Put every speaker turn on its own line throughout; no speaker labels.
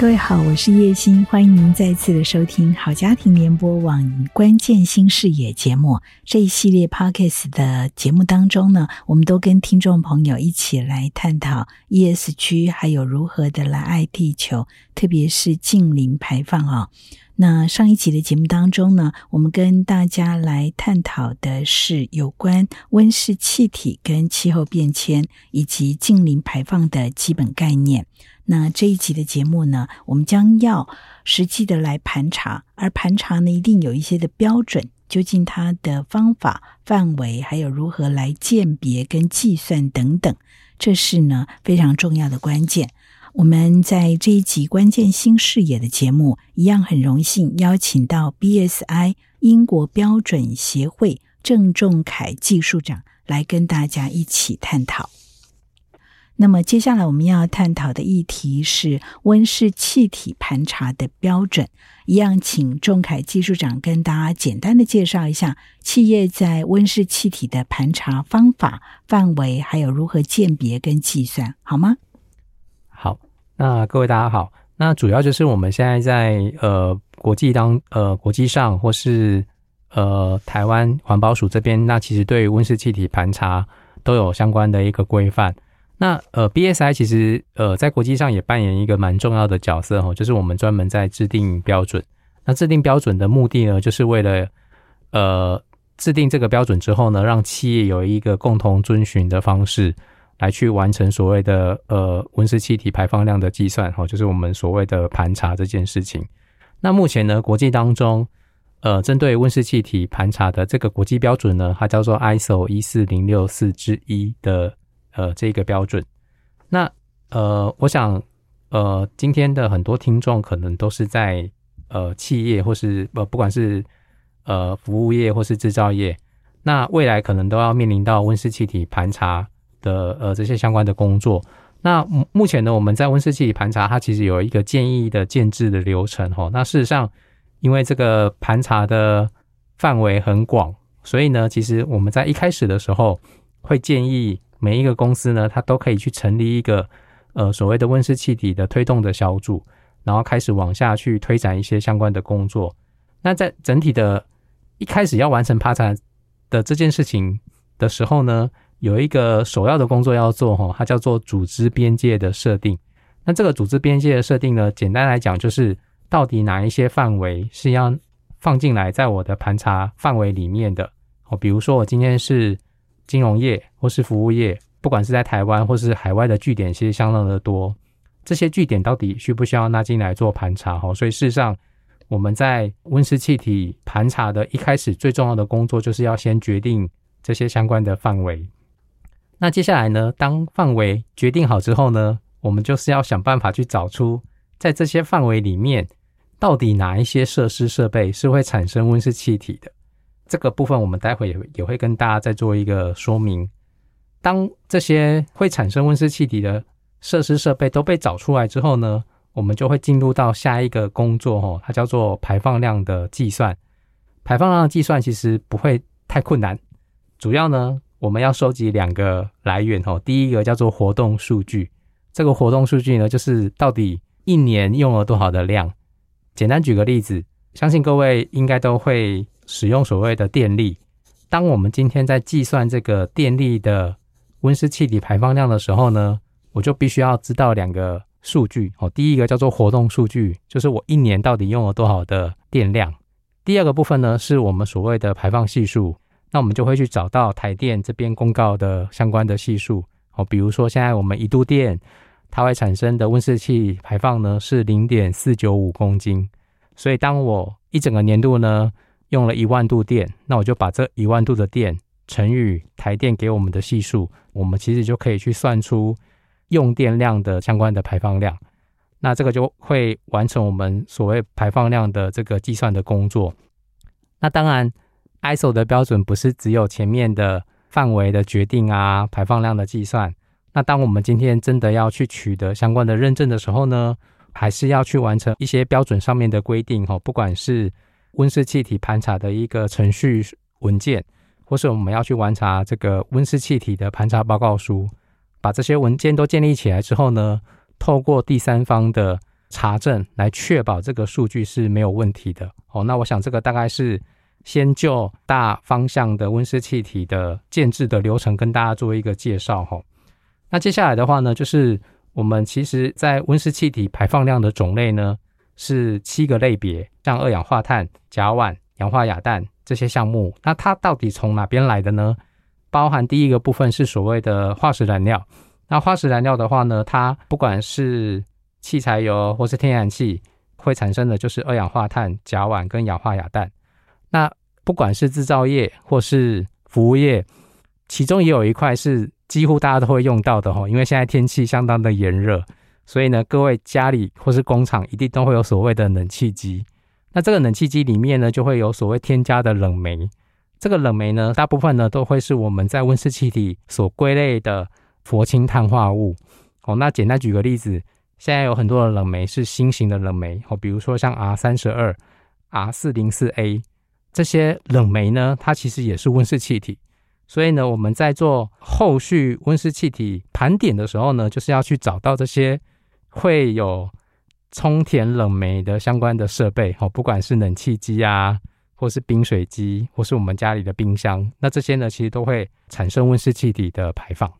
各位好，我是葉欣，歡迎您再次的收聽《好家庭聯播網關鍵新視野》節目。這一系列 podcast 的節目當中呢，我們都跟聽眾朋友一起來探討 ESG 還有如何的來愛地球，特別是近零排放啊、哦。那上一集的節目當中呢，我們跟大家來探討的是有關溫室氣體跟氣候變遷以及淨零排放的基本概念。那這一集的節目呢，我們將要實際的來盤查，而盤查呢一定有一些的標準，究竟它的方法、範圍，還有如何來鑑別跟計算等等，這是呢非常重要的關鍵。我們在這一集《關鍵新視野》的節目，一樣很榮幸邀請到 BSI 英國標準協會鄭仲凱技術長來跟大家一起探討。那麼接下來我們要探討的議題是溫室氣體盤查的標準，一樣請仲凱技術長跟大家簡單的介紹一下企業在溫室氣體的盤查方法、範圍，還有如何鑑別跟計算，好嗎？
那各位大家好，那主要就是我們現在在呃國際當呃國際上或是呃台灣環保署這邊，那其實對溫室氣體盤查都有相關的一個規範。那呃 BSI 其實呃在國際上也扮演一個蠻重要的角色哈，就是我們專門在制定標準。那制定標準的目的呢，就是為了呃制定這個標準之後呢，讓企業有一個共同遵循的方式。來去完成所謂的呃溫室氣體排放量的計算，哈、哦，就是我們所謂的盤查這件事情。那目前呢，國際當中，呃，針對溫室氣體盤查的這個國際標準呢，它叫做 ISO 一四零六四之一的呃這個標準。那呃，我想呃，今天的很多聽眾可能都是在呃企業或是呃不管是呃服務業或是制造業，那未來可能都要面臨到溫室氣體盤查。的呃，這些相關的工作。那目前呢，我們在溫室氣體盤查，它其實有一個建議的建置的流程哈、哦。那事實上，因為這個盤查的範圍很廣，所以呢，其實我們在一開始的時候，會建議每一個公司呢，它都可以去成立一個呃所謂的溫室氣體的推動的小組，然後開始往下去推展一些相關的工作。那在整體的一開始要完成盤查的這件事情的時候呢，有一個首要的工作要做，哈，它叫做組織邊界的設定。那這個組織邊界的設定呢，簡單來講就是到底哪一些範圍是要放進來，在我的盤查範圍裡面的哦。比如說我今天是金融業或是服務業，不管是在台灣或是海外的據點，其實相當的多。這些據點到底需不需要納進來做盤查？哈，所以事實上我們在溫室氣體盤查的一開始最重要的工作，就是要先決定這些相關的範圍。那接下來呢，當範圍決定好之後呢，我們就是要想辦法去找出在這些範圍裡面到底哪一些設施設備是會產生溫室氣體的。這個部分我們待會也也會跟大家再做一個說明。當這些會產生溫室氣體的設施設備都被找出來之後呢，我們就會進入到下一個工作哦，它叫做排放量的計算。排放量的計算其實不會太困難，主要呢。我們要收集兩個來源哦，第一個叫做活動數據。這個活動數據呢，就是到底一年用了多少的量。簡單舉個例子，相信各位應該都會使用所謂的電力。當我們今天在計算這個電力的溫室氣體排放量的時候呢，我就必須要知道兩個數據哦。第一個叫做活動數據，就是我一年到底用了多少的電量。第二個部分呢，是我們所謂的排放係數。那我們就會去找到台電這邊公告的相關的係數哦，比如說現在我們一度電它會產生的溫室氣排放呢是零點四九五公斤，所以當我一整個年度呢用了一萬度電，那我就把這一萬度的電乘以台電給我們的係數，我們其實就可以去算出用電量的相關的排放量，那這個就會完成我們所謂排放量的這個計算的工作。那當然。ISO 的標準不是只有前面的範圍的決定啊，排放量的計算。那當我們今天真的要去取得相關的認證的時候呢，還是要去完成一些標準上面的規定哦。不管是溫室氣體盤查的一個程序文件，或是我們要去完成這個溫室氣體的盤查報告書，把這些文件都建立起來之後呢，透過第三方的查證來確保這個數據是沒有問題的哦。那我想這個大概是。先就大方向的溫室氣體的建制的流程跟大家做一個介紹哈。那接下來的話呢，就是我們其實在溫室氣體排放量的種類呢是七個類別，像二氧化碳、甲烷、氧化亞氮這些項目。那它到底從哪邊來的呢？包含第一個部分是所謂的化石燃料。那化石燃料的話呢，它不管是汽柴油或是天然氣，會產生的就是二氧化碳、甲烷跟氧化亞氮。那不管是製造業或是服務業，其中也有一塊是幾乎大家都會用到的哈，因為現在天氣相當的炎熱，所以呢，各位家裡或是工廠一定都會有所謂的冷氣機。那這個冷氣機裡面呢，就會有所謂添加的冷媒。這個冷媒呢，大部分呢都會是我們在溫室氣體所歸類的氟氫碳化物。哦，那簡單舉個例子，現在有很多的冷媒是新型的冷媒哦，比如說像 R 三十二，R 四零四 A。這些冷媒呢，它其實也是溫室氣體，所以呢，我們在做後續溫室氣體盤點的時候呢，就是要去找到這些會有充填冷媒的相關的設備，哦，不管是冷氣機啊，或是冰水機，或是我們家裡的冰箱，那這些呢，其實都會產生溫室氣體的排放。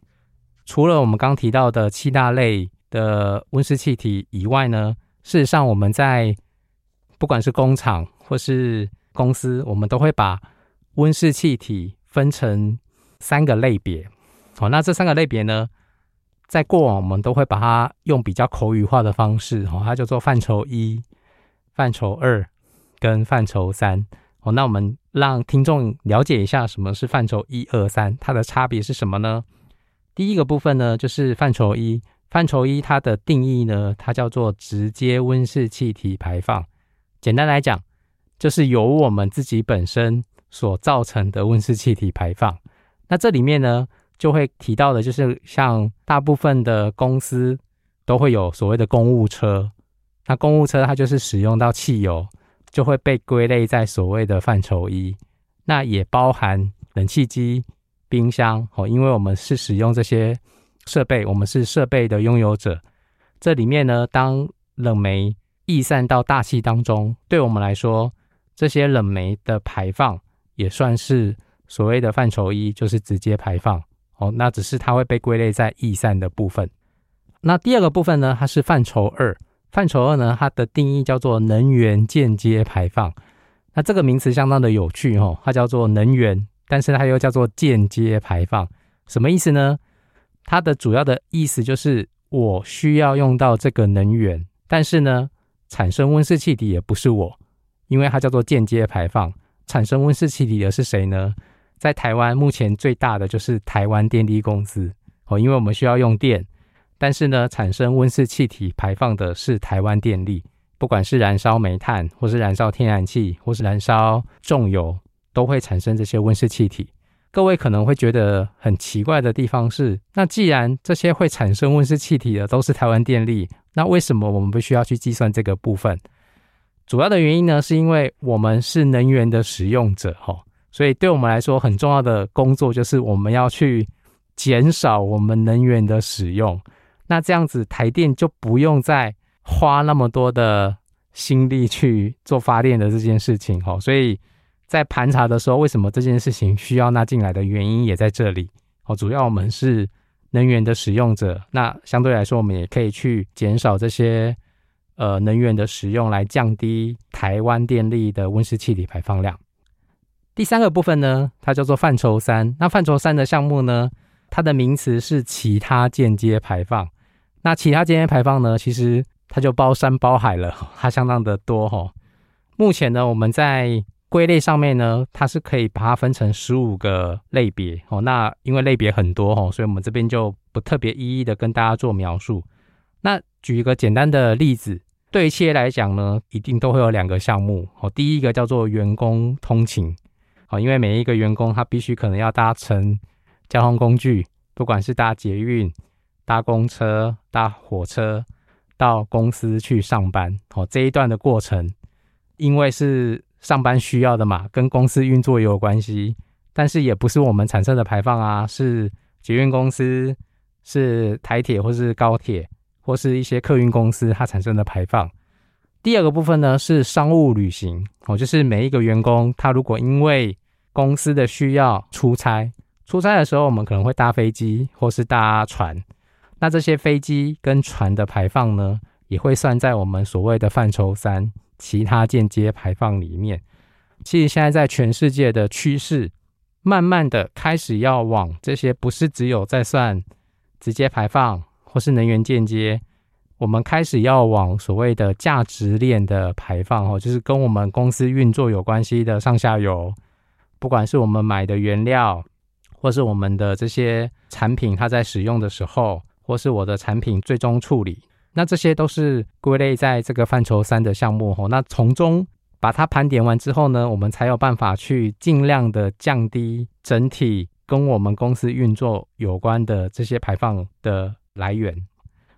除了我們剛提到的七大類的溫室氣體以外呢，事實上我們在不管是工廠或是公司，我們都會把溫室氣體分成三個類別，哦，那這三個類別呢，在過往我們都會把它用比較口語化的方式，哦，它叫做範疇一、範疇二跟範疇三，哦，那我們讓聽眾了解一下什麼是範疇一二三，它的差別是什麼呢？第一個部分呢，就是範疇一，範疇一它的定義呢，它叫做直接溫室氣體排放，簡單來講。就是由我們自己本身所造成的溫室氣體排放。那這裡面呢，就會提到的，就是像大部分的公司都會有所謂的公務車。那公務車它就是使用到汽油，就會被歸類在所謂的範疇一。那也包含冷氣機、冰箱哦，因為我們是使用這些設備，我們是設備的擁有者。這裡面呢，當冷媒逸散到大氣當中，對我們來說，這些冷媒的排放也算是所謂的範疇一，就是直接排放哦。那只是它會被歸類在逸散的部分。那第二個部分呢，它是範疇二。範疇二呢，它的定義叫做能源間接排放。那這個名詞相當的有趣哈、哦，它叫做能源，但是它又叫做間接排放，什麼意思呢？它的主要的意思就是我需要用到這個能源，但是呢，產生溫室氣體也不是我。因為它叫做間接排放，產生溫室氣體的是誰呢？在台灣目前最大的就是台灣電力公司哦，因為我們需要用電，但是呢，產生溫室氣體排放的是台灣電力，不管是燃燒煤炭，或是燃燒天然氣，或是燃燒重油，都會產生這些溫室氣體。各位可能會覺得很奇怪的地方是，那既然這些會產生溫室氣體的都是台灣電力，那為什麼我們不需要去計算這個部分？主要的原因呢，是因為我們是能源的使用者，哦，所以對我們來說很重要的工作就是我們要去減少我們能源的使用。那這樣子，台電就不用再花那麼多的心力去做發電的這件事情，哦。所以在盤查的時候，為什麼這件事情需要納進來的原因也在這裡，哦。主要我們是能源的使用者，那相對來說，我們也可以去減少這些。呃，能源的使用來降低台灣電力的溫室氣體排放量。第三個部分呢，它叫做範疇三。那範疇三的項目呢，它的名詞是其他間接排放。那其他間接排放呢，其實它就包山包海了，它相當的多哈。目前呢，我們在歸類上面呢，它是可以把它分成十五個類別哦。那因為類別很多哈，所以我們這邊就不特別一一的跟大家做描述。那舉一個簡單的例子。對企業來講呢，一定都會有兩個項目哦。第一個叫做員工通勤哦，因為每一個員工他必須可能要搭乘交通工具，不管是搭捷運、搭公車、搭火車到公司去上班哦。這一段的過程，因為是上班需要的嘛，跟公司運作也有關係，但是也不是我們產生的排放啊，是捷運公司、是台鐵或是高鐵。或是一些客運公司它產生的排放。第二個部分呢，是商務旅行哦，就是每一個員工他如果因為公司的需要出差，出差的時候我們可能會搭飛機或是搭船，那這些飛機跟船的排放呢，也會算在我們所謂的範疇三，其他間接排放裡面。其實現在在全世界的趨勢，慢慢的開始要往這些不是只有在算直接排放。或是能源間接，我們開始要往所謂的價值鏈的排放哦，就是跟我們公司運作有關係的上下游，不管是我們買的原料，或是我們的這些產品，它在使用的時候，或是我的產品最終處理，那這些都是歸類在這個範疇三的項目哦。那從中把它盤點完之後呢，我們才有辦法去儘量的降低整體跟我們公司運作有關的這些排放的來源。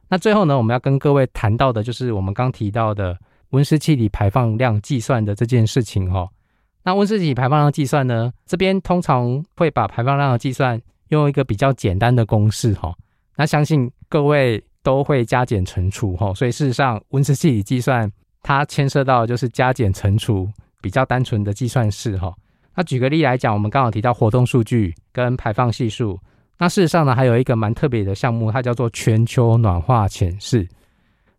那最後呢，我們要跟各位談到的就是我們剛提到的溫室氣體排放量計算的這件事情哦。那溫室氣體排放量計算呢，這邊通常會把排放量的計算用一個比較簡單的公式吼。那相信各位都會加減乘除吼，所以事實上溫室氣體計算它牽涉到就是加減乘除比較單純的計算式吼。那舉個例來講，我們剛好提到活動數據跟排放係數。那事實上呢，還有一個蠻特別的項目，它叫做全球暖化潛勢。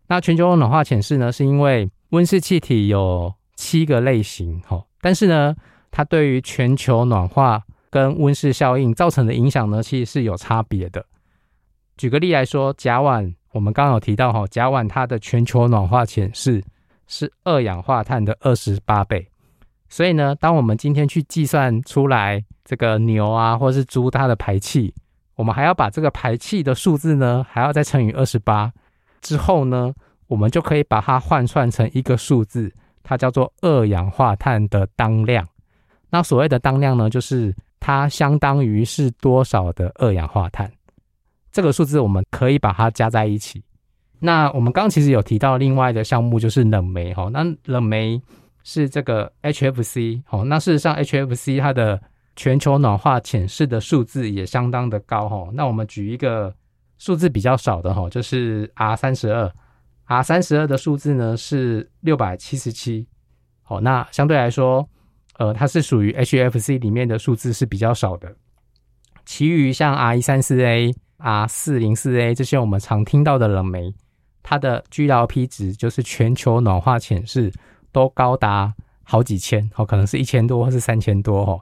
那全球暖化潛勢呢，是因為溫室氣體有七個類型哈，但是呢，它對於全球暖化跟溫室效應造成的影響呢，其實是有差別的。舉個例來說，甲烷，我們剛剛有提到哈，甲烷它的全球暖化潛勢是二氧化碳的二十八倍。所以呢，當我們今天去計算出來這個牛啊，或是豬它的排氣，我們還要把這個排氣的數字呢，還要再乘以二十八，之後呢，我們就可以把它換算成一個數字，它叫做二氧化碳的當量。那所謂的當量呢，就是它相當於是多少的二氧化碳。這個數字我們可以把它加在一起。那我們剛剛其實有提到另外一個項目，就是冷媒哈，那冷媒是這個 HFC 哦，那事實上 HFC 它的全球暖化潛勢的數字也相當的高哈。那我們舉一個數字比較少的哈，就是 R 三十二，R 三十二的數字呢是六百七十七。好，那相對來說，呃，它是屬於 HFC 裡面的數字是比較少的。其餘像 R 一三四 A、R 四零四 A 這些我們常聽到的冷媒，它的 GWP 值就是全球暖化潛勢都高達好幾千，哦，可能是一千多或是三千多哦。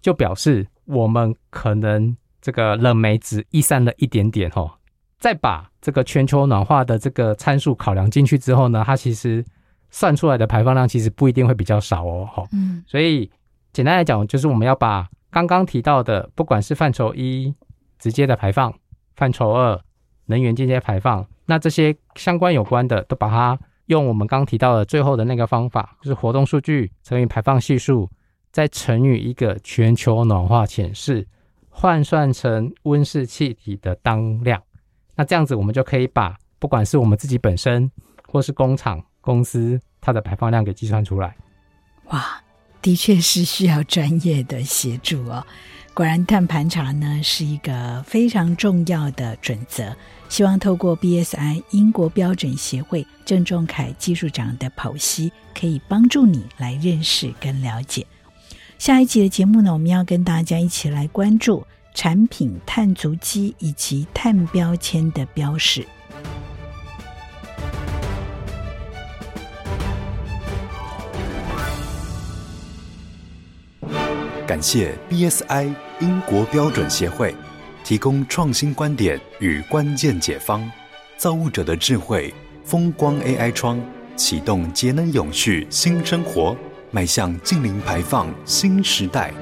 就表示我們可能這個冷媒只逸散了一點點，哦，再把這個全球暖化的這個參數考量進去之後呢，它其實算出來的排放量其實不一定會比較少哦，哦，所以簡單來講，就是我們要把剛剛提到的，不管是範疇一直接的排放，範疇二能源間接排放，那這些相關有關的都把它用我們剛提到的最後的那個方法，就是活動數據乘以排放係數。再乘以一個全球暖化潛勢，換算成溫室氣體的當量，那這樣子我們就可以把不管是我們自己本身，或是工廠、公司它的排放量給計算出來。
哇，的確是需要專業的協助哦。果然碳盤查呢是一個非常重要的準則。希望透過 BSI 英國標準協會鄭仲凱技術長的剖析，可以幫助你來認識跟了解。下一集的節目呢，我們要跟大家一起來關注產品碳足跡以及碳標籤的標識。
感謝 BSI 英國標準協會提供創新觀點與關鍵解方，造物者的智慧，風光 AI 窗，啟動節能永續新生活。邁向淨零排放新時代。